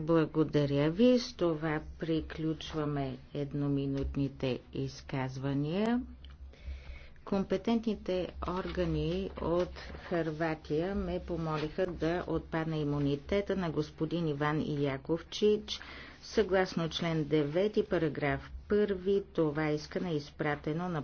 Благодаря ви. С това приключваме едноминутните изказвания. Компетентните органи от Харватия ме помолиха да отпадна имунитета на господин Иван Яковчич. Съгласно член 9, параграф 1, това искане е изпратено на